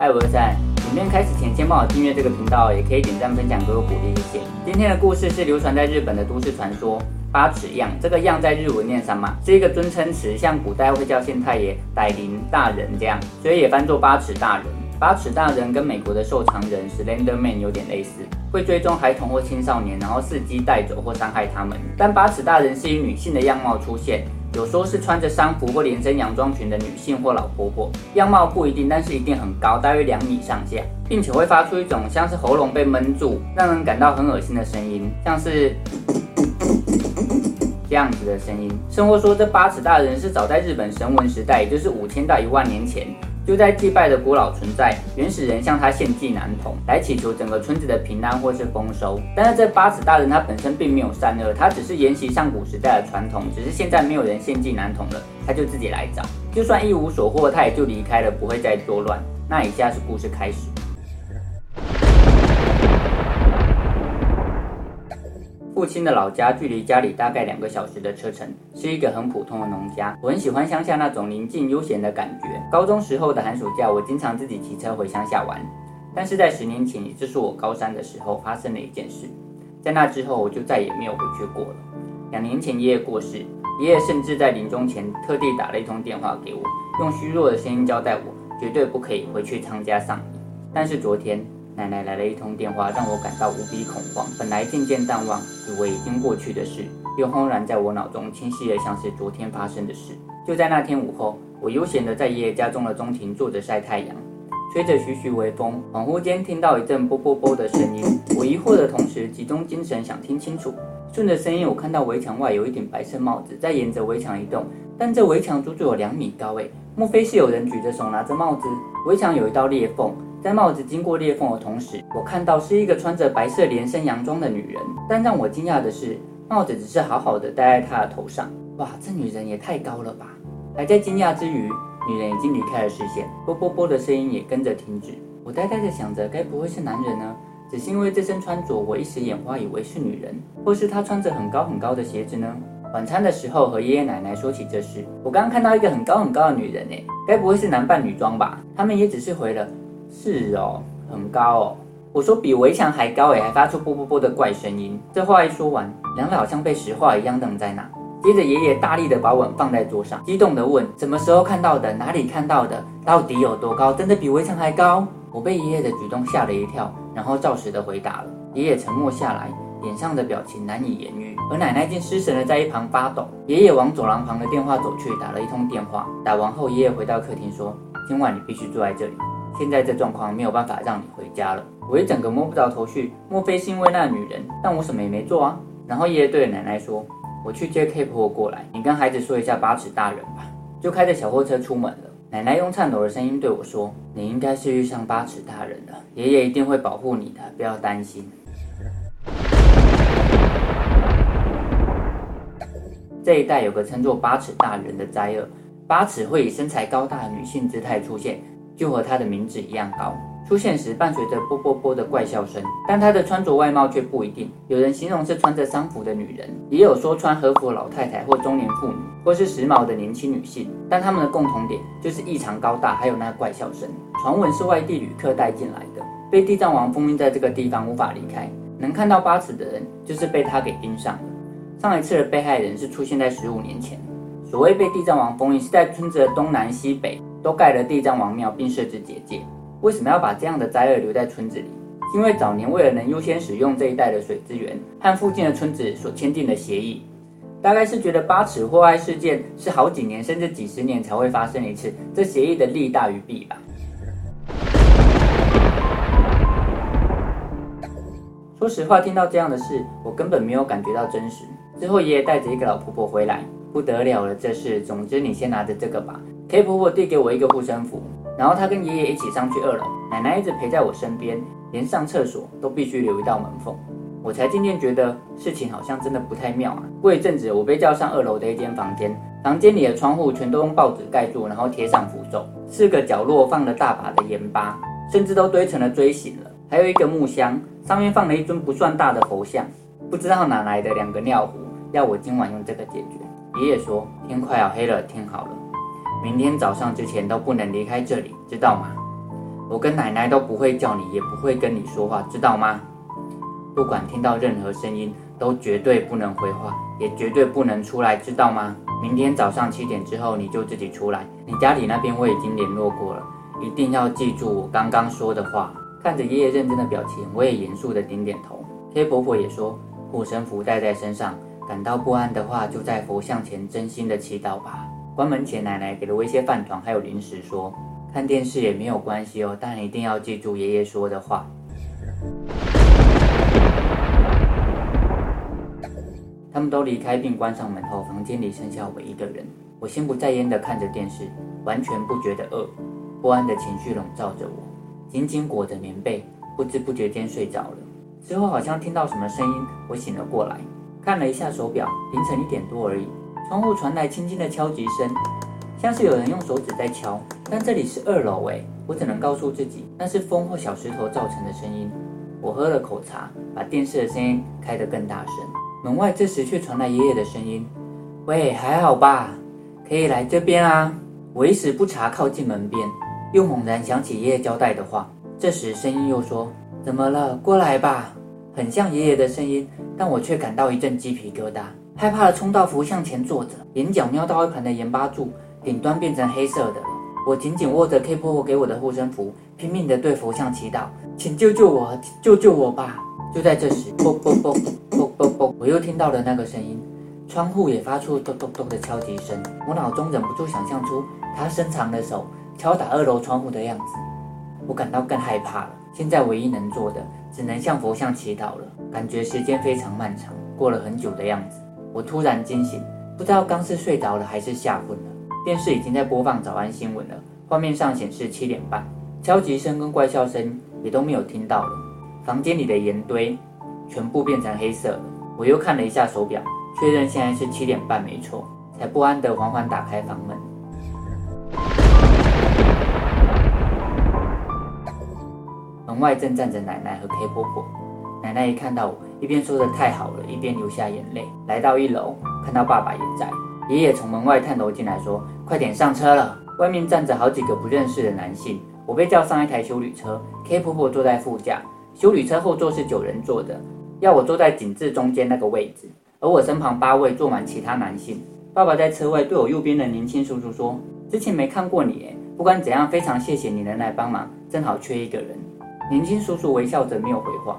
艾文在，影片開始前先幫我訂閱這個頻道，也可以點讚分享給我鼓勵一些。今天的故事是流傳在日本的都市傳說，八尺樣。這個樣在日文念上嘛，是一個尊稱詞，像古代會叫縣太爺、逮林大人這樣，所以也翻作八尺大人。八尺大人跟美國的瘦長人 （slender man） 有點類似，會追蹤孩童或青少年，然後伺機帶走或傷害他們。但八尺大人是以女性的樣貌出現。有說是穿着喪服或連身洋裝裙的女性或老婆婆，樣貌不一定，但是一定很高，大約兩米上下，並且會發出一種像是喉嚨被悶住，讓人感到很噁心的聲音，像是這樣子的聲音。生活說這八尺大人是早在日本繩文時代，也就是五千到一萬年前，就在祭拜的古老存在，原始人向他獻祭男童，來祈求整個村子的平安或是豐收。但是這八尺大人他本身並沒有善惡，他只是沿襲上古時代的傳統，只是現在沒有人獻祭男童了，他就自己來找。就算一無所獲，他也就離開了，不會再作亂。那以下是故事開始。父親的老家距離家裡大概兩個小時的車程，是一個很普通的農家。我很喜歡鄉下那種寧靜悠閒的感覺。高中時候的寒暑假，我經常自己騎車回鄉下玩。但是在十年前，這是我高三的時候，發生了一件事。在那之後，我就再也沒有回去過了。兩年前，爺爺過世，爺爺甚至在臨終前特地打了一通電話給我，用虛弱的聲音交代我，絕對不可以回去參加喪禮。但是昨天。奶奶來了一通電話，讓我感到無比恐慌。本來漸漸淡忘，以為已經過去的事，又轟然在我腦中清晰地，像是昨天發生的事。就在那天午後，我悠閒地在爺爺家中的中庭坐着曬太陽，吹着徐徐微風，恍惚間聽到一陣啵啵啵的聲音。我疑惑的同時，集中精神想聽清楚。順着聲音，我看到圍牆外有一頂白色帽子在沿着圍牆移動，但這圍牆足足有兩米高誒，莫非是有人舉着手拿着帽子？圍牆有一道裂縫。在帽子經過裂縫的同時，我看到是一個穿着白色連身洋裝的女人。但讓我驚訝的是，帽子只是好好的戴在她的頭上。哇，這女人也太高了吧！還在驚訝之餘，女人已經離開了視線，啵啵啵的聲音也跟着停止。我呆呆的想着，該不會是男人呢？只是因為這身穿着，我一時眼花，以為是女人，或是她穿着很高很高的鞋子呢？晚餐的時候和爺爺奶奶說起這事，我剛剛看到一個很高很高的女人欸，該不會是男扮女裝吧？他們也只是回了。是哦，很高哦。我說比圍牆還高誒，還發出啵啵啵的怪聲音。這話一說完，兩老像被石化一樣愣在那。接着爺爺大力的把碗放在桌上，激動的問：“什麼時候看到的？哪裡看到的？到底有多高？真的比圍牆還高？”我被爺爺的舉動嚇了一跳，然後照實的回答了。爺爺沉默下來，臉上的表情難以言喻。而奶奶竟失神的在一旁發抖。爺爺往走廊旁的電話走去，打了一通電話。打完後，爺爺回到客廳說：“今晚你必須住在這裡。”現在這狀況沒有辦法讓你回家了，我一整個摸不着頭緒，莫非是因為那女人？但我什麼也沒做啊。然後爺爺對了奶奶說：“我去接 K 婆婆過來，你跟孩子說一下八尺大人吧。”就開着小貨車出門了。奶奶用顫抖的聲音對我說：“你應該是遇上八尺大人了，爺爺一定會保護你的，不要擔心。” 這一帶有個稱作八尺大人的災厄，八尺會以身材高大的女性姿態出現。就和她的名字一樣高，出現時伴隨着啵啵啵的怪笑聲，但她的穿着外貌卻不一定。有人形容是穿着喪服的女人，也有說穿和服的老太太或中年婦女，或是時髦的年輕女性。但他們的共同點就是異常高大，還有那個怪笑聲。傳聞是外地旅客帶進來的，被地藏王封印在這個地方，無法離開。能看到八尺的人，就是被他給盯上了。上一次的被害人是出現在十五年前。所謂被地藏王封印，是在村子的東南西北。都蓋了地藏王廟，並設置結界。為什麼要把這樣的災厄留在村子裡？因為早年為了能優先使用這一帶的水資源，和附近的村子所簽訂的協議。大概是覺得八尺禍害事件是好幾年甚至幾十年才會發生一次，這協議的利大於弊吧。說實話，聽到這樣的事，我根本沒有感覺到真實。之後，爺爺帶着一個老婆婆回來，不得了了，這事。總之，你先拿着這個吧。K 婆婆遞給我一個護身符，然後她跟爺爺一起上去二樓，奶奶一直陪在我身邊，連上廁所都必須留一道門縫。我才漸漸覺得事情好像真的不太妙啊。過一陣子，我被叫上二樓的一間房間，房間裡的窗戶全都用報紙蓋住，然後貼上符咒，四個角落放了大把的鹽巴，甚至都堆成了錐形了。還有一個木箱，上面放了一尊不算大的佛像。不知道哪來的兩個尿壺，要我今晚用這個解決。爺爺說天快要、啊、黑了，天好了。明天早上之前都不能離開這裡，知道嗎？我跟奶奶都不會叫你，也不會跟你說話，知道嗎？不管聽到任何聲音，都絕對不能回話，也絕對不能出來，知道嗎？明天早上七點之後你就自己出來。你家裡那邊我已經聯絡過了，一定要記住我剛剛說的話。看着爺爺認真的表情，我也嚴肅的點點頭。黑婆婆也說，護身符帶在身上，感到不安的話就在佛像前真心的祈禱吧。關門前，奶奶給了我一些飯糰，還有零食，說看電視也沒有關係哦，但一定要記住爺爺說的話。 他們都離開並關上門後，房間裡剩下我一個人。我心不在焉的看着電視，完全不覺得餓，不安的情緒籠罩着我，緊緊裹着棉被，不知不覺間睡着了。之後好像聽到什麼聲音，我醒了過來，看了一下手表，凌晨一點多而已。窗戶傳來輕輕的敲擊聲，像是有人用手指在敲。但這裡是二樓，欸，我只能告訴自己那是風或小石頭造成的聲音。我喝了口茶，把電視的聲音開得更大聲。門外這時卻傳來爺爺的聲音：“喂，還好吧？可以來這邊啊。”我一時不察，靠近門邊，又猛然想起爺爺交代的話。這時聲音又說：“怎麼了？過來吧。”很像爺爺的聲音，但我卻感到一陣雞皮疙瘩。害怕的衝到佛像前坐着，眼角瞄到一盤的鹽巴柱頂端變成黑色的。我緊緊握着 K 婆婆給我的護身符，拼命的對佛像祈禱：“請救救我，救救我吧！”就在這時，啵啵啵啵啵啵，我又聽到了那個聲音，窗戶也發出咚咚咚的敲擊聲。我腦中忍不住想象出他伸長的手敲打二樓窗戶的樣子，我感到更害怕了。現在唯一能做的，只能向佛像祈禱了。感覺時間非常漫長，過了很久的樣子。我突然驚醒，不知道剛是睡着了還是嚇昏了。電視已經在播放早安新聞了，畫面上顯示七點半，敲擊聲跟怪笑聲也都沒有聽到了。房間裡的鹽堆全部變成黑色了。我又看了一下手表，確認現在是七點半，沒錯，才不安的緩緩打開房門。門外正站着奶奶和裴婆婆，奶奶一看到我。一邊說的太好了，一邊流下眼淚。來到一樓，看到爸爸也在。爺爺從門外探頭進來說，說：“快點上車了，外面站着好幾個不認識的男性。”我被叫上一台休旅車，K 婆婆坐在副駕。休旅車後座是九人座的，要我坐在警至中間那個位置。而我身旁八位坐滿其他男性。爸爸在車外對我右邊的年輕叔叔說：“之前沒看過你，欸，不管怎樣，非常謝謝你能來幫忙，正好缺一個人。”年輕叔叔微笑着沒有回話。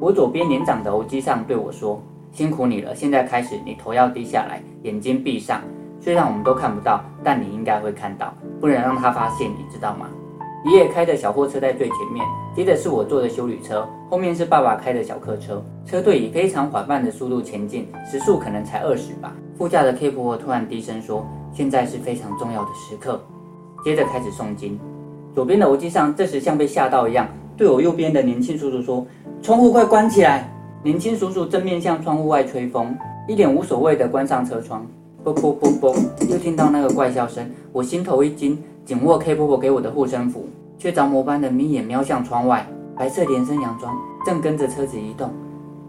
我左邊年長的歐吉桑對我說：“辛苦你了，現在開始，你頭要低下來，眼睛閉上。雖然我們都看不到，但你應該會看到，不能讓他發現，你知道嗎？”爺爺開的小貨車在最前面，接着是我坐的休旅車，後面是爸爸開的小客車。車隊以非常緩慢的速度前進，時速可能才二十吧。副駕的 K 婆婆突然低聲說：“現在是非常重要的時刻。”接着開始誦經。左邊的歐吉桑這時像被嚇到一樣，對我右邊的年輕叔叔說。窗戶快關起來！年輕叔叔正面向窗戶外吹風，一臉無所謂的關上車窗。啵啵啵啵,啵,啵，又聽到那個怪笑聲，我心頭一驚，緊握 K 婆婆給我的護身符，卻着魔般的眯眼瞄向窗外。白色連身洋裝正跟着車子移動，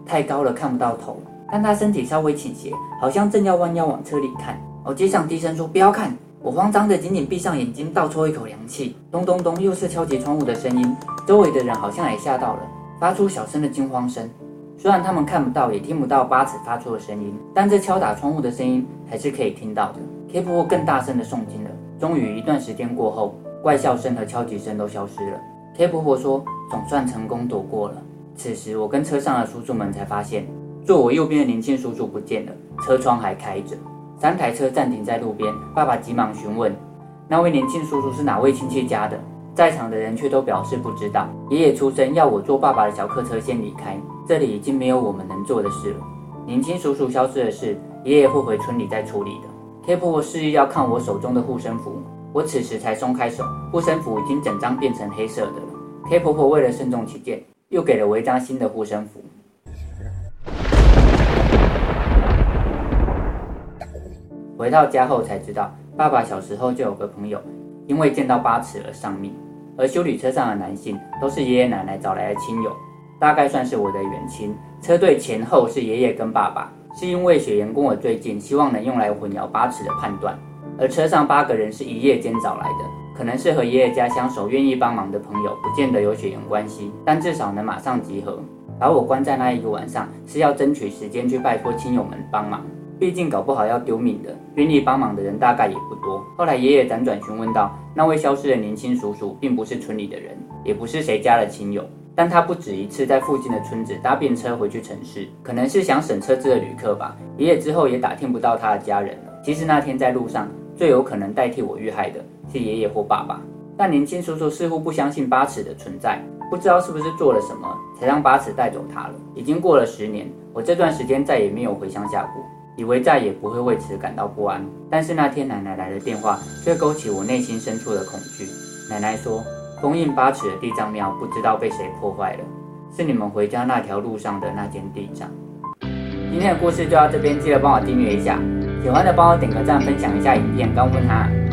太高了看不到頭，但他身體稍微傾斜，好像正要彎腰往車裡看。我、哦、接上低聲說：“不要看！”我慌張的緊緊閉上眼睛，倒抽一口涼氣。咚咚咚，又是敲擊窗戶的聲音，周圍的人好像也嚇到了。發出小聲的驚慌聲，雖然他們看不到也聽不到八尺發出的聲音，但這敲打窗戶的聲音還是可以聽到的。K 婆婆更大聲地誦經了。終於，一段時間過後，怪笑聲和敲擊聲都消失了。K 婆婆說：“總算成功躲過了。”此時，我跟車上的叔叔們才發現，坐我右邊的年輕叔叔不見了，車窗還開着。三台車暫停在路邊，爸爸急忙詢問：“那位年輕叔叔是哪位親戚家的？”在場的人卻都表示不知道。爺爺出聲要我坐爸爸的小客車先離開，這裡已經沒有我們能做的事了。年輕叔叔消失的事，爺爺會回村裡再處理的。K 婆婆示意要看我手中的護身符，我此時才鬆開手，護身符已經整張變成黑色的了。K 婆婆為了慎重起見，又給了我一張新的護身符。回到家後才知道，爸爸小時候就有個朋友，因為見到八尺而喪命。而休旅車上的男性都是爺爺奶奶找來的親友，大概算是我的遠親。車隊前後是爺爺跟爸爸，是因為血緣跟我最近，希望能用來混淆八尺的判斷。而車上八個人是一夜間找來的，可能是和爺爺家相熟、願意幫忙的朋友，不見得有血緣關係，但至少能馬上集合。把我關在那一個晚上，是要爭取時間去拜託親友們幫忙。畢竟搞不好要丟命的，願意幫忙的人大概也不多。後來爺爺輾轉詢問到，那位消失的年輕叔叔並不是村裡的人，也不是誰家的親友，但他不止一次在附近的村子搭便車回去城市，可能是想省車資的旅客吧。爺爺之後也打聽不到他的家人了。其實那天在路上，最有可能代替我遇害的是爺爺或爸爸。但年輕叔叔似乎不相信八尺的存在，不知道是不是做了什麼，才讓八尺帶走他了。已經過了十年，我這段時間再也沒有回鄉下過。以為再也不會為此感到不安，但是那天奶奶來的電話卻勾起我內心深處的恐懼。奶奶說，封印八尺的地藏廟不知道被誰破壞了，是你們回家那條路上的那間地藏。今天的故事就到這邊，記得幫我訂閱一下，喜歡的幫我點個讚，分享一下，影片。剛問他。